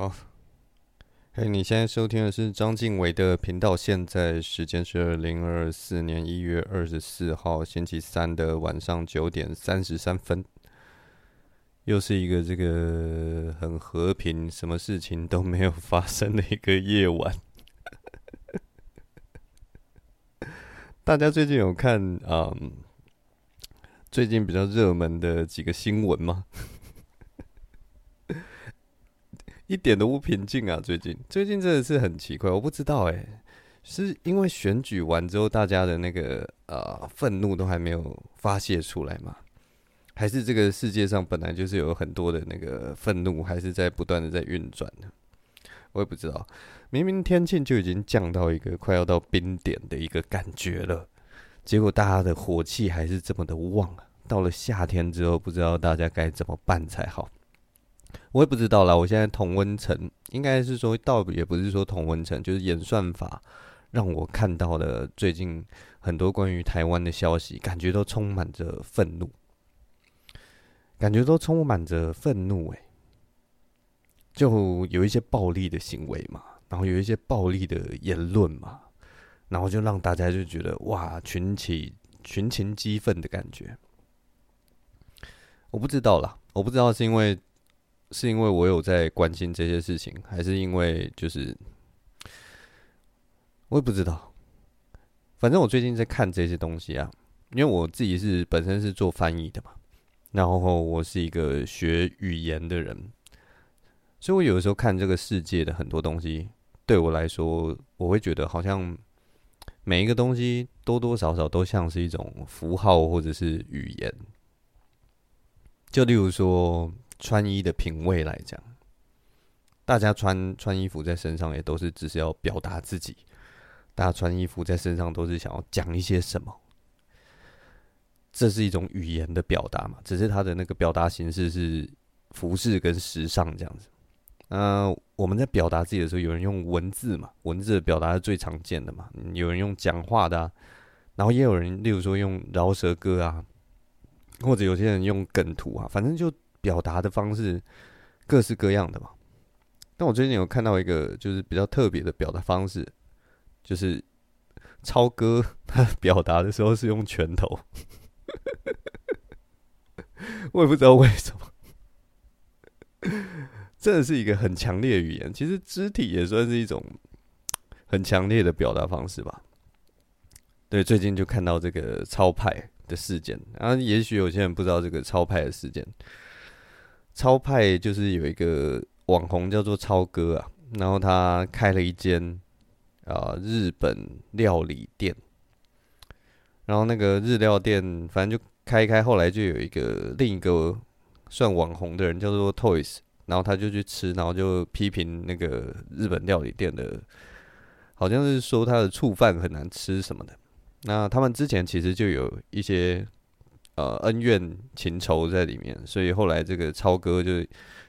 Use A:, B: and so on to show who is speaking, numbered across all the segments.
A: 好，嘿、hey，你現在收聽的是章晉唯的頻道。現在時間是二零二四年一月二十四號星期三的晚上九點三十三分，又是一個這個很和平、什麼事情都沒有發生的一個夜晚。 大家最近有看啊、嗯，最近比較熱門的幾個新聞嗎？一點都不平靜啊！最近最近真的是很奇怪，我不知道哎，是因為選舉完之後大家的那個呃憤怒都還沒有發泄出來嗎？還是這個世界上本來就是有很多的那個憤怒，還是在不斷的在運轉呢？我也不知道。明明天氣就已經降到一個快要到冰點的一個感覺了，結果大家的火氣還是這麼的旺啊！到了夏天之後，不知道大家該怎麼辦才好。我也不知道啦，我現在同溫層應該是說，倒也不是說同溫層，就是演算法讓我看到的最近很多關於台灣的消息，感覺都充滿着憤怒，感覺都充滿着憤怒誒，就有一些暴力的行為嘛，然後有一些暴力的言論嘛，然後就讓大家就覺得哇，群起群情激憤的感覺，我不知道啦，我不知道是因為。是因為我有在關心這些事情，還是因為就是我也不知道。反正我最近在看這些東西啊，因為我自己是本身是做翻譯的嘛，然後我是一個學語言的人，所以我有的時候看這個世界的很多東西，對我來說，我會覺得好像每一個東西多多少少都像是一種符號或者是語言，就例如說。穿衣的品味來講，大家穿穿衣服在身上也都是只是要表達自己。大家穿衣服在身上都是想要講一些什麼？這是一種語言的表達嘛。只是它的那個表達形式是服飾跟時尚這樣子。嗯，呃，我們在表達自己的時候，有人用文字嘛，文字的表達是最常見的嘛。有人用講話的啊，然後也有人，例如說用饒舌歌啊，或者有些人用梗圖啊，反正就。表達的方式各式各樣的嘛。但我最近有看到一個就是比較特別的表達方式，就是超哥他表達的時候是用拳頭。 我也不知道為什麼，這是一個很強烈的語言。其實肢體也算是一種很強烈的表達方式吧。對，最近就看到這個超派的事件然後、啊、也許有些人不知道這個超派的事件。超派就是有一個網紅叫做超哥啊，然後他開了一間啊日本料理店，然後那個日料店反正就開開，後來就有一個另一個算網紅的人叫做 Toys，然後他就去吃，然後就批評那個日本料理店的，好像是說他的醋飯很難吃什麼的。那他們之前其實就有一些。呃，恩怨情仇在裡面，所以後來這個超哥就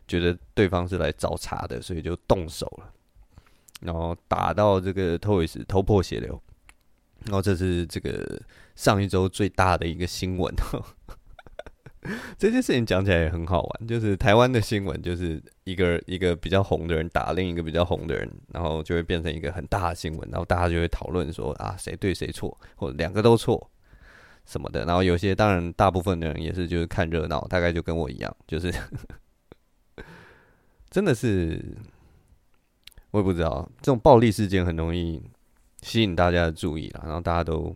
A: 覺得對方是來找茬的，所以就動手了，然後打到這個 Toyz 頭破血流，然後這是這個上一周最大的一個新聞。這件事情講起來也很好玩，就是台灣的新聞，就是一個一個比較紅的人打另一個比較紅的人，然後就會變成一個很大的新聞，然後大家就會討論說啊，誰對誰錯，或者兩個都錯。什麼的，然後有些當然，大部分的人也是就是看熱鬧，大概就跟我一樣，就是 真的是，我也不知道，這種暴力事件很容易吸引大家的注意啦，然後大家都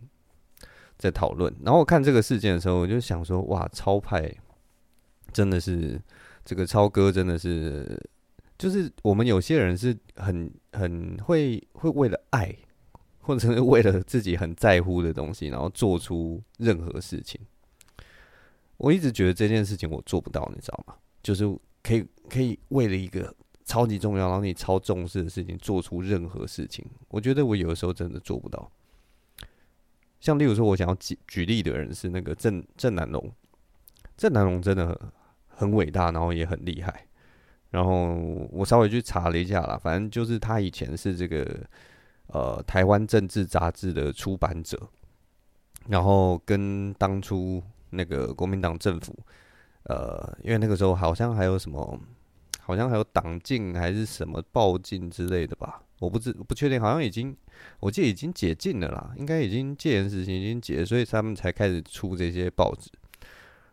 A: 在討論。然後我看這個事件的時候，我就想說，哇，超派真的是，這個超哥，真的是就是我們有些人是很很會會為了愛。或者是為了自己很在乎的東西，然後做出任何事情。我一直覺得這件事情我做不到，你知道嗎？就是可以可以為了一個超級重要，然後你超重視的事情，做出任何事情。我覺得我有的時候真的做不到。像例如說，我想要舉舉例的人是那個鄭鄭南榕，鄭南榕真的很很偉大，然後也很厲害。然後我稍微去查了一下啦，反正就是他以前是這個。呃，台灣政治雜誌的出版者，然後跟當初那個國民黨政府，呃，因為那個時候好像還有什麼，好像還有黨禁還是什麼報禁之類的吧，我不知我不確定，好像已經，我記得已經解禁了啦，應該已經戒嚴時期已經解了，所以他們才開始出這些報紙。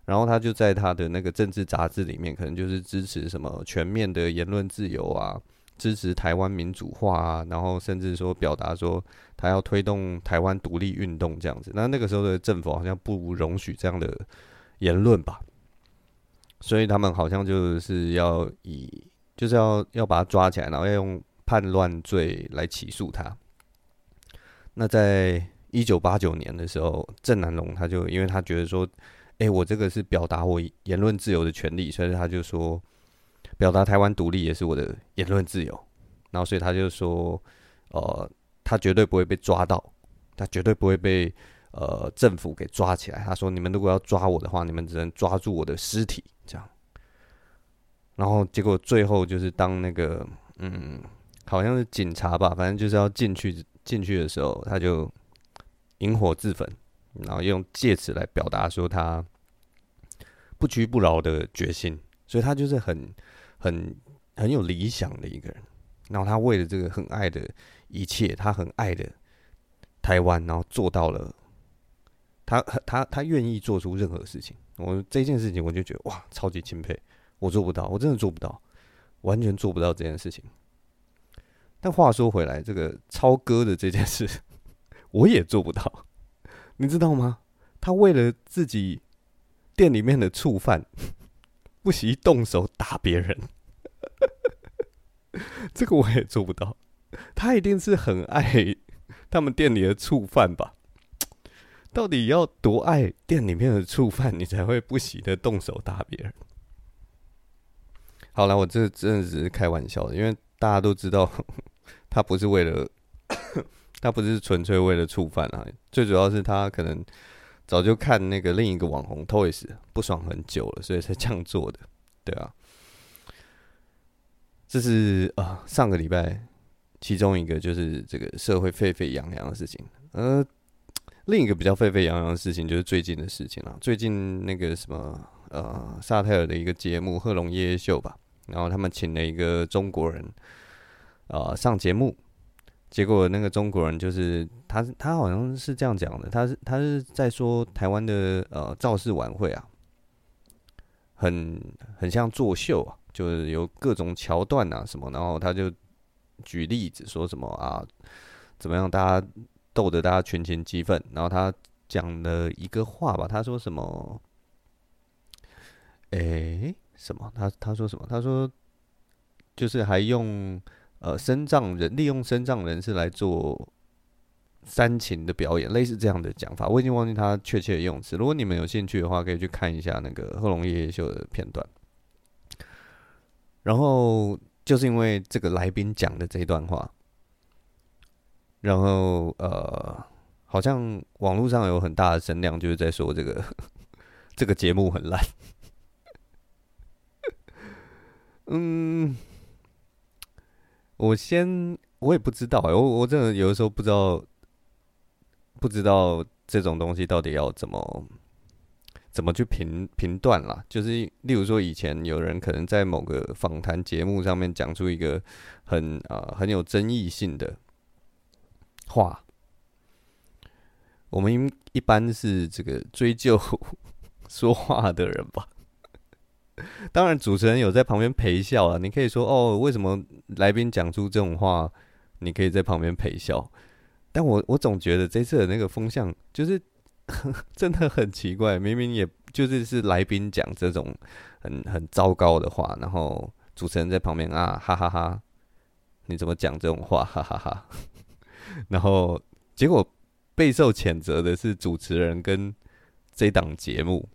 A: 然後他就在他的那個政治雜誌裡面，可能就是支持什麼全面的言論自由啊。支持台灣民主化啊，然後甚至說表達說他要推動台灣獨立運動這樣子。那那個時候的政府好像不容許這樣的言論吧，所以他們好像就是要以就是要要把他抓起來，然後要用叛亂罪來起訴他。那在一九八九年的時候，鄭南榕他就因為他覺得說，哎、欸，我這個是表達我言論自由的權利，所以他就說。表達台灣獨立也是我的言論自由，然後所以他就說，呃，他絕對不會被抓到，他絕對不會被呃政府給抓起來。他說，你們如果要抓我的話，你們只能抓住我的屍體。這樣，然後結果最後就是當那個嗯，好像是警察吧，反正就是要進去進去的時候，他就引火自焚，然後用借此來表達說他不屈不撓的決心。所以他就是很。很很有理想的一個人，然後他為了這個很愛的一切，他很愛的台灣，然後做到了他，他他他願意做出任何事情。我這件事情我就覺得哇，超級欽佩。我做不到，我真的做不到，完全做不到這件事情。但話說回來，這個超哥的這件事，我也做不到，你知道嗎？他為了自己店裡面的醋飯。不惜動手打別人，這個我也做不到。他一定是很愛他們店裡的觸犯吧？到底要多愛店裡面的觸犯，你才會不惜的動手打別人？好了，我這真的只是開玩笑的，因為大家都知道，他不是為了，他不是純粹為了觸犯啊。最主要是他可能。早就看那個另一個網紅 Toyz 不爽很久了，所以才這樣做的，對啊。這是啊、呃，上個禮拜其中一個就是這個社會沸沸揚揚的事情。呃，另一個比較沸沸揚揚的事情就是最近的事情了、啊。最近那個什麼呃，薩泰爾的一個節目《賀瓏夜夜秀》吧，然後他們請了一個中國人啊、呃、上節目。結果那個中國人就是他，他好像是這樣講的，他是他是在說台灣的呃造勢晚會啊，很很像作秀啊，就是有各種橋段啊什麼，然後他就舉例子說什麼啊，怎麼樣大家逗得大家群情激憤，然後他講了一個話吧，他說什麼，哎什麼他他說什麼他說就是還用。呃，身障人，利用身障人士來做煽情的表演，類似這樣的講法，我已經忘記他確切的用詞。如果你們有興趣的話，可以去看一下那個賀瓏夜夜秀的片段。然後就是因為這個來賓講的這一段話，然後呃，好像網絡上有很大的聲量，就是在說這個呵呵這個節目很爛。 嗯。我先，我也不知道、欸，我我真的有的時候不知道，不知道這種東西到底要怎麼，怎麼去評評斷啦，就是，例如說，以前有人可能在某個訪談節目上面講出一個很啊、呃、很有爭議性的話，我們一般是這個追究說話的人吧。當然，主持人有在旁邊陪笑啊。你可以說哦，為什麼來賓講出這種話？你可以在旁邊陪笑。但我我總覺得這次的那個風向就是呵呵真的很奇怪。明明也就是是來賓講這種很很糟糕的話，然後主持人在旁邊啊哈哈哈哈，你怎麼講這種話哈哈哈哈？然後結果備受譴責的是主持人跟這檔節目。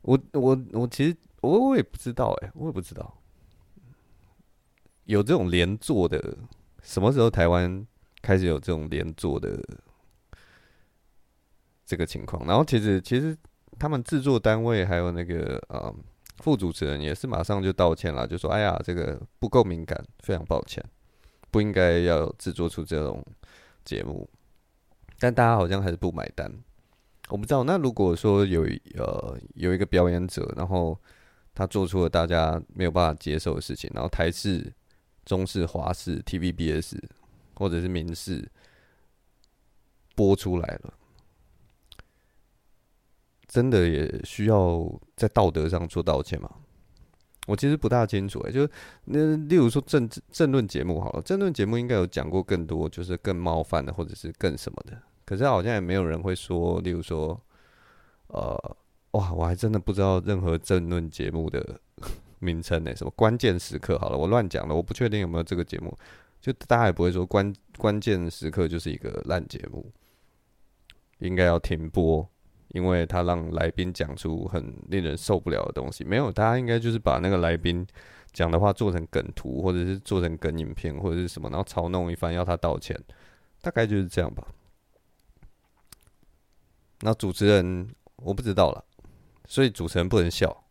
A: 我我我其實。我我也不知道哎、欸，我也不知道有這種連坐的，什麼時候台灣開始有這種連坐的這個情況？然後其實其實他們制作單位還有那個、呃、副主持人也是馬上就道歉了，就說：“哎呀，這個不夠敏感，非常抱歉，不應該要制作出這種節目。”但大家好像還是不買單。我不知道，那如果說有呃有一個表演者，然後他做出了大家沒有辦法接受的事情，然後台視、中視、華視、TVBS 或者是民視播出來了，真的也需要在道德上做道歉嗎？我其實不大清楚、欸，就那例如說政政論節目好了，政論節目應該有講過更多，就是更冒犯的或者是更什麼的，可是好像也沒有人會說，例如說，呃。哇，我還真的不知道任何政論節目的名稱呢。什麼關鍵時刻？好了，我亂講了，我不確定有沒有這個節目。就大家也不會說關關鍵時刻就是一個爛節目，應該要停播，因為他讓來賓講出很令人受不了的東西。沒有，大家應該就是把那個來賓講的話做成梗圖，或者是做成梗影片，或者是什麼，然後嘲弄一番，要他道歉。大概就是這樣吧。那主持人，我不知道了。所以主持人不能笑，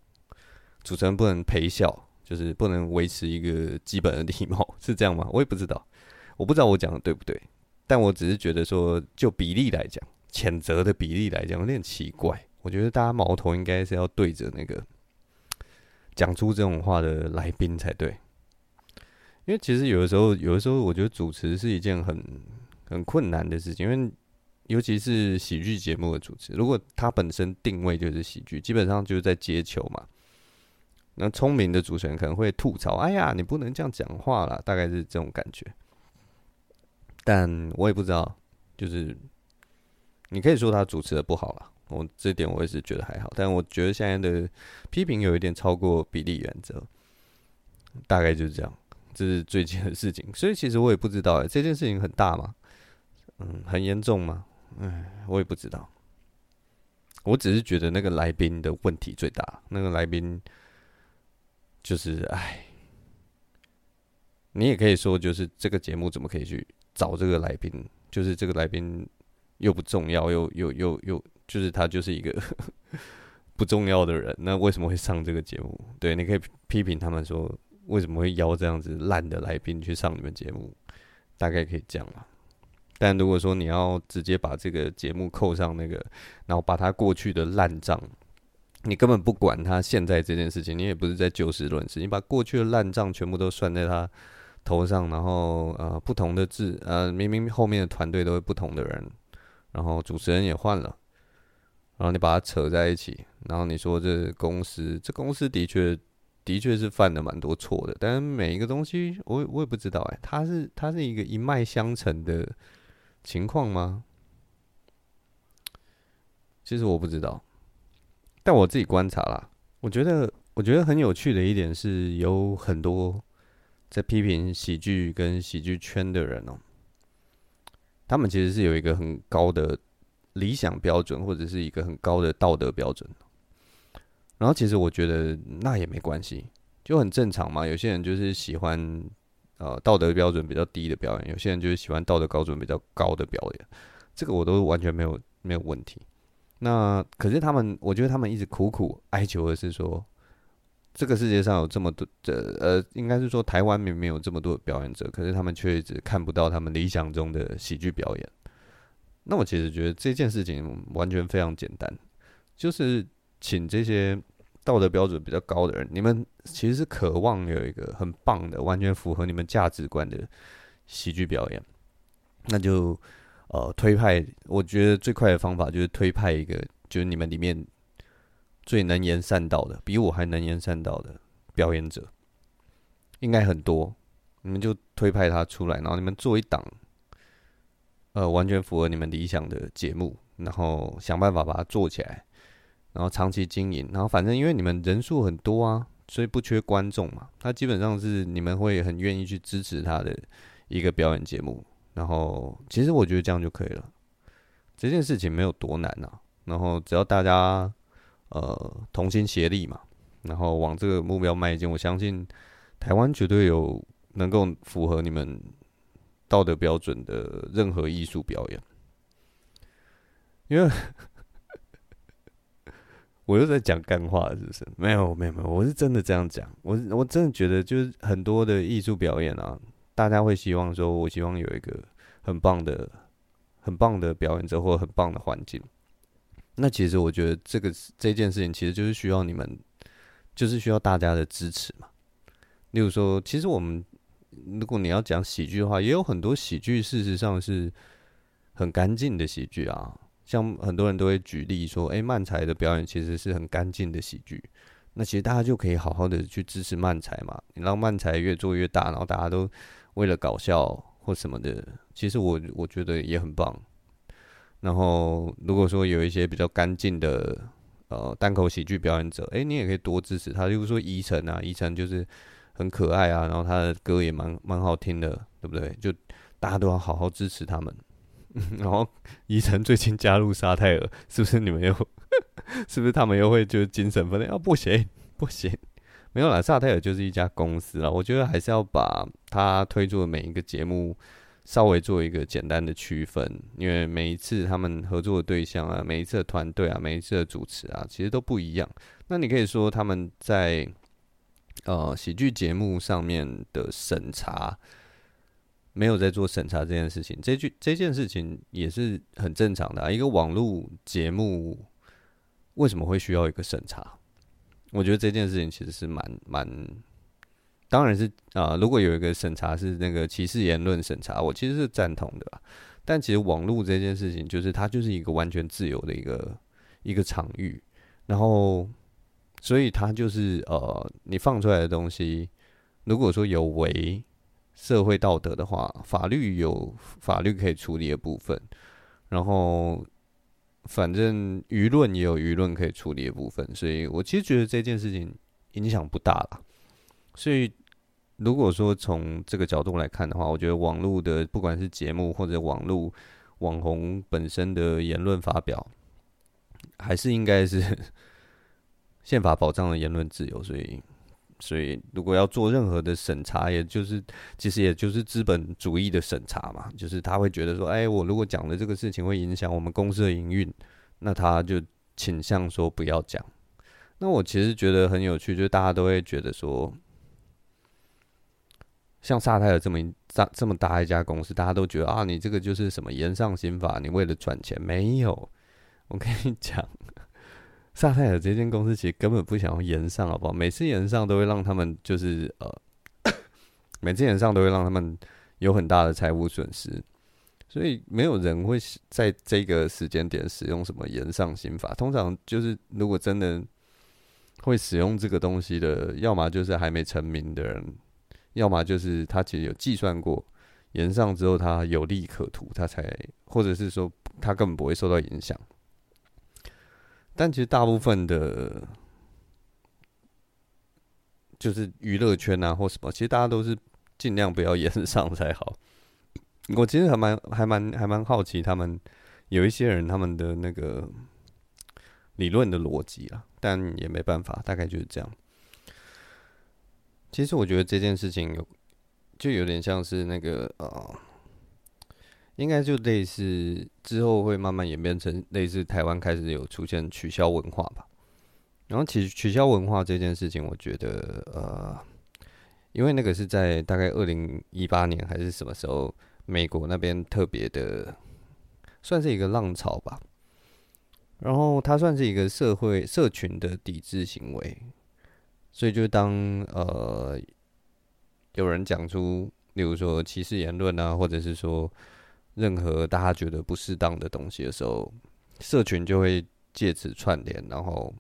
A: 主持人不能陪笑，就是不能維持一個基本的禮貌，是這樣嗎？我也不知道，我不知道我講的對不對，但我只是覺得說，就比例來講，譴責的比例來講有點奇怪。我覺得大家矛頭應該是要對着那個講出這種話的來賓才對，因為其實有的時候，有的時候我覺得主持是一件很很困難的事情，因為。尤其是喜劇節目的主持，如果他本身定位就是喜劇，基本上就是在接球嘛。那聰明的主持人可能會吐槽：“哎呀，你不能這樣講話啦”，大概是這種感覺。但我也不知道，就是你可以說他主持的不好了。我這點我也是覺得還好，但我覺得現在的批評有一點超過比例原則。大概就是這樣，這是最近的事情。所以其實我也不知道、欸，哎，這件事情很大嗎？嗯，很嚴重嗎？哎，我也不知道。我只是覺得那個來賓的問題最大。那個來賓就是，哎，你也可以說，就是這個節目怎麼可以去找這個來賓？就是這個來賓又不重要，又又又又，就是他就是一個 不重要的人。那為什麼會上這個節目？對，你可以批評他們說，為什麼會邀這樣子爛的來賓去上你們節目？大概可以這樣了。但如果說你要直接把這個節目扣上那個，然後把他過去的爛賬，你根本不管他現在這件事情，你也不是在就事論事，你把過去的爛賬全部都算在他頭上，然後呃不同的字呃明明後面的團隊都是不同的人，然後主持人也換了，然後你把它扯在一起，然後你說這公司這公司的確的確是犯了蠻多錯的，但是每一個東西我我也不知道哎、欸，它是它是一個一脈相承的情況嗎？其實我不知道，但我自己觀察啦。我覺得，我覺得很有趣的一點是，有很多在批評喜劇跟喜劇圈的人哦，他們其實是有一個很高的理想標準，或者是一個很高的道德標準。然後，其實我覺得那也沒關係，就很正常嘛。有些人就是喜歡。呃，道德標準比較低的表演，有些人就是喜歡道德標準比較高的表演，這個我都完全沒有沒有問題。那可是他們，我覺得他們一直苦苦哀求的是說，這個世界上有這麼多這呃，應該是說台灣明明有這麼多的表演者，可是他們卻一直看不到他們理想中的喜劇表演。那我其實覺得這件事情完全非常簡單，就是請這些。道德標準比較高的人，你們其實是渴望有一個很棒的、完全符合你們價值觀的喜劇表演。那就呃推派，我覺得最快的方法就是推派一個，就是你們裡面最能言善道的，比我還能言善道的表演者，應該很多，你們就推派他出來，然後你們做一檔，呃，完全符合你們理想的節目，然後想辦法把它做起來。然後長期經營，然後反正因為你們人數很多啊，所以不缺觀眾嘛。他基本上是你們會很願意去支持他的一個表演節目。然後其實我覺得這樣就可以了，這件事情沒有多難啊。然後只要大家呃同心協力嘛，然後往這個目標邁進，我相信台灣絕對有能夠符合你們道德標準的任何藝術表演，因為。我又在講幹話是不是？沒有，沒有，沒有，我是真的這樣講。我我真的覺得，就是很多的藝術表演啊，大家會希望說，我希望有一個很棒的、很棒的表演者或很棒的環境。那其實我覺得這個這件事情，其實就是需要你們，就是需要大家的支持嘛。例如說，其實我們如果你要講喜劇的話，也有很多喜劇，事實上是很乾淨的喜劇啊。像很多人都會舉例說，哎、欸，漫才的表演其實是很乾淨的喜劇，那其實大家就可以好好的去支持漫才嘛，你讓漫才越做越大，然後大家都為了搞笑或什麼的，其實我我覺得也很棒。然後如果說有一些比較乾淨的呃單口喜劇表演者，哎、欸，你也可以多支持他，例如說宜城啊，宜城就是很可愛啊，然後他的歌也蠻蠻好聽的，對不對？就大家都要好好支持他們。然、嗯、後，伊、哦、晨最近加入薩泰爾，是不是你們又？呵呵是不是他們又會就精神分裂？啊、哦，不行，不行，沒有啦，薩泰爾就是一家公司啦。我覺得還是要把他推出的每一個節目稍微做一個簡單的區分，因為每一次他們合作的對象啊，每一次的團隊啊，每一次的主持啊，其實都不一樣。那你可以說他們在呃喜劇節目上面的審查。沒有在做審查這件事情，這句這件事情也是很正常的啊。一個網絡節目為什麼會需要一個審查？我覺得這件事情其實是蠻蠻，當然是啊、呃，如果有一個審查是那個歧視言論審查，我其實是贊同的。但其實網絡這件事情，就是它就是一個完全自由的一個一個場域，然後所以它就是呃，你放出來的東西，如果說有違。社會道德的話，法律有法律可以處理的部分，然後反正輿論也有輿論可以處理的部分，所以我其實覺得這件事情影響不大啦。所以如果說從這個角度來看的話，我覺得網絡的不管是節目或者網絡網紅本身的言論發表，還是應該是 憲法保障的言論自由，所以。所以，如果要做任何的審查，也就是其實也就是資本主義的審查嘛，就是他會覺得說，哎、欸，我如果講了這個事情會影響我們公司的營運，那他就傾向說不要講。那我其實覺得很有趣，就是、大家都會覺得說，像薩泰爾這麼一這麼大一家公司，大家都覺得啊，你這個就是什麼嚴上刑法，你為了賺錢沒有？我跟你講。薩泰爾這間公司其實根本不想要延上，好不好？每次延上都會讓他們就是呃，每次延上都會讓他們有很大的財務損失，所以沒有人會在這個時間點使用什麼延上刑法。通常就是如果真的會使用這個東西的，要麼就是還沒成名的人，要麼就是他其實有計算過延上之後他有利可圖，他才或者是說他根本不會受到影響。但其實大部分的，就是娛樂圈啊或什麼，其實大家都是盡量不要演上才好。我其實還蠻還蠻還蠻好奇他們有一些人他們的那個理論的邏輯啊，但也沒辦法，大概就是這樣。其實我覺得這件事情有就有點像是那個呃。應該就類似之後會慢慢演變成類似台灣開始有出現取消文化吧。然後其實取消文化這件事情，我覺得呃，因為那個是在大概二零一八年還是什麼時候，美國那邊特別的算是一個浪潮吧。然後它算是一個社會社群的抵制行為，所以就當呃有人講出例如說歧視言論啊，或者是說任何大家覺得不適當的東西的時候，社群就會借此串聯，然後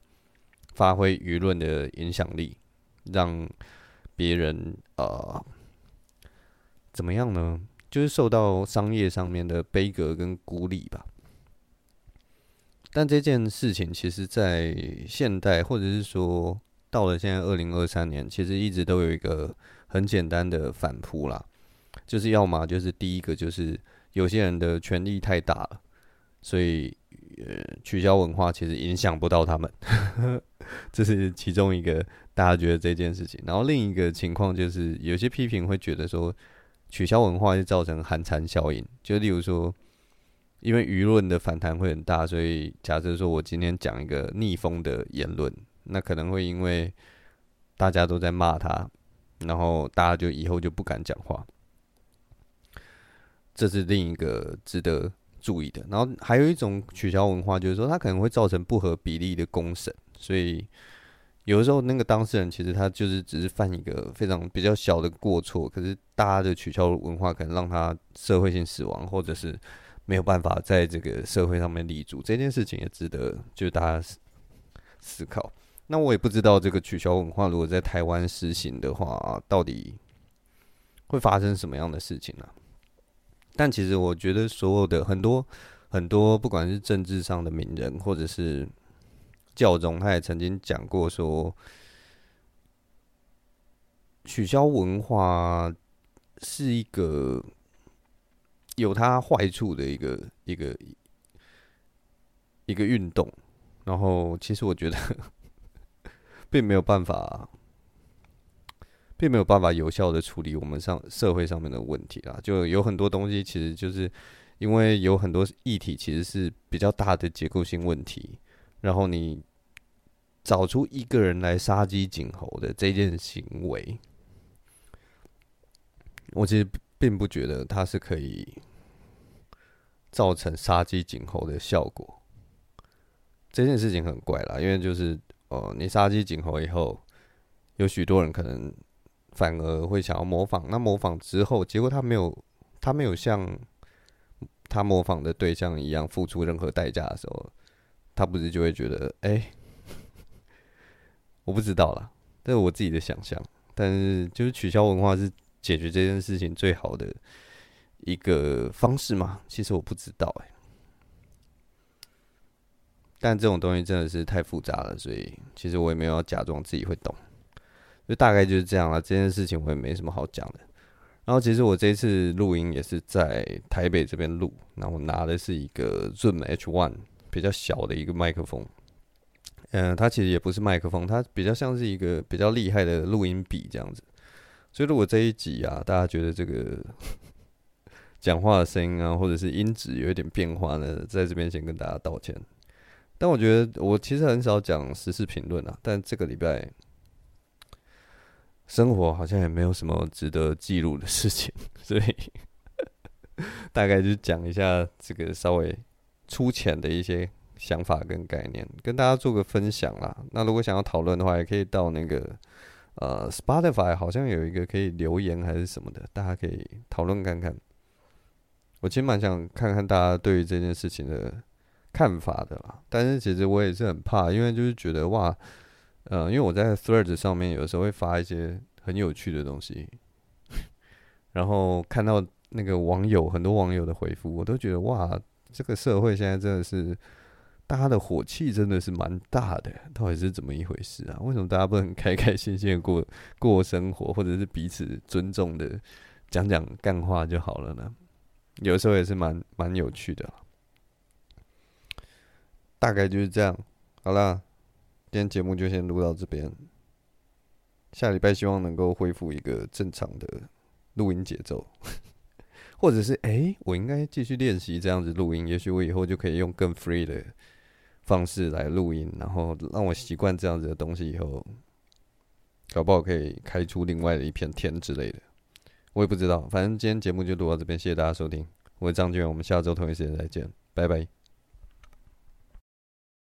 A: 發揮輿論的影響力，讓別人啊、呃、怎麼樣呢？就是受到商業上面的杯葛跟孤立吧。但這件事情，其實在現代，或者是說到了現在二零二三年，其實一直都有一個很簡單的反撲啦，就是要麼就是第一個就是。有些人的權力太大了，所以、呃、取消文化其實影響不到他們， 這是其中一個大家覺得這件事情。然後另一個情況就是，有些批評會覺得說，取消文化就造成寒蟬效應，就例如說，因為輿論的反彈會很大，所以假設說我今天講一個逆風的言論，那可能會因為大家都在罵他，然後大家就以後就不敢講話。這是另一個值得注意的。然後還有一種取消文化，就是說它可能會造成不合比例的公審，所以有的時候那個當事人其實他就是只是犯一個非常比較小的過錯，可是大家的取消文化可能讓他社會性死亡，或者是沒有辦法在這個社會上面立足。這件事情也值得就是大家思考。那我也不知道這個取消文化如果在台灣實行的話，到底會發生什麼樣的事情呢、啊？但其實我覺得，所有的很多很多，不管是政治上的名人，或者是教宗，他也曾經講過說，取消文化是一個有它壞處的一個一個一個運動。然後，其實我覺得並沒有辦法。並沒有辦法有效的處理我們上社會上面的問題啦，就有很多東西，其實就是因為有很多議題其實是比較大的結構性問題，然後你找出一個人來殺雞儆猴的這件行為，我其實並不覺得它是可以造成殺雞儆猴的效果。這件事情很怪啦，因為就是哦，你殺雞儆猴以後，有許多人可能，反而會想要模仿，那模仿之後，結果他沒有，他沒有像他模仿的對象一樣付出任何代價的時候，他不是就會覺得，哎、欸， 我不知道啦，這是我自己的想象。但是，就是取消文化是解決這件事情最好的一個方式嘛？其實我不知道、欸，哎，但這種東西真的是太複雜了，所以其實我也沒有要假裝自己會懂。就大概就是這樣了、啊，這件事情我也沒什麼好講的。然後其實我這一次錄音也是在台北這邊錄，然後我拿的是一個 Zoom H1 比較小的一個麥克風，嗯、呃，它其實也不是麥克風，它比較像是一個比較厲害的錄音筆這樣子。所以如果這一集啊，大家覺得這個講 話的聲音啊，或者是音質有一點變化呢，在這邊先跟大家道歉。但我覺得我其實很少講時事評論啊，但這個禮拜。生活好像也沒有什麼值得記錄的事情，所以大概就講一下這個稍微粗淺的一些想法跟概念，跟大家做個分享啦。那如果想要討論的話，也可以到那個呃 Spotify 好像有一個可以留言還是什麼的，大家可以討論看看。我其實蠻想看看大家對於這件事情的看法的啦，但是其實我也是很怕，因為就是覺得哇。呃，因為我在 Threads 上面有的時候會發一些很有趣的東西，然後看到那個網友很多網友的回復，我都覺得哇，這個社會現在真的是大家的火氣真的是蠻大的，到底是怎麼一回事啊？為什麼大家不能開開心心的過過生活，或者是彼此尊重的講講幹話就好了呢？有的時候也是蠻蠻有趣的啊，大概就是這樣，好啦。今天節目就先錄到這邊，下禮拜希望能夠恢復一個正常的錄音節奏，或者是誒、欸，我應該繼續練習這樣子錄音，也許我以後就可以用更 free 的方式來錄音，然後讓我習慣這樣子的東西，以後搞不好可以開出另外的一片天之類的，我也不知道。反正今天節目就錄到這邊，謝謝大家收聽，我是章晉唯，我們下周同一時間再見，拜拜。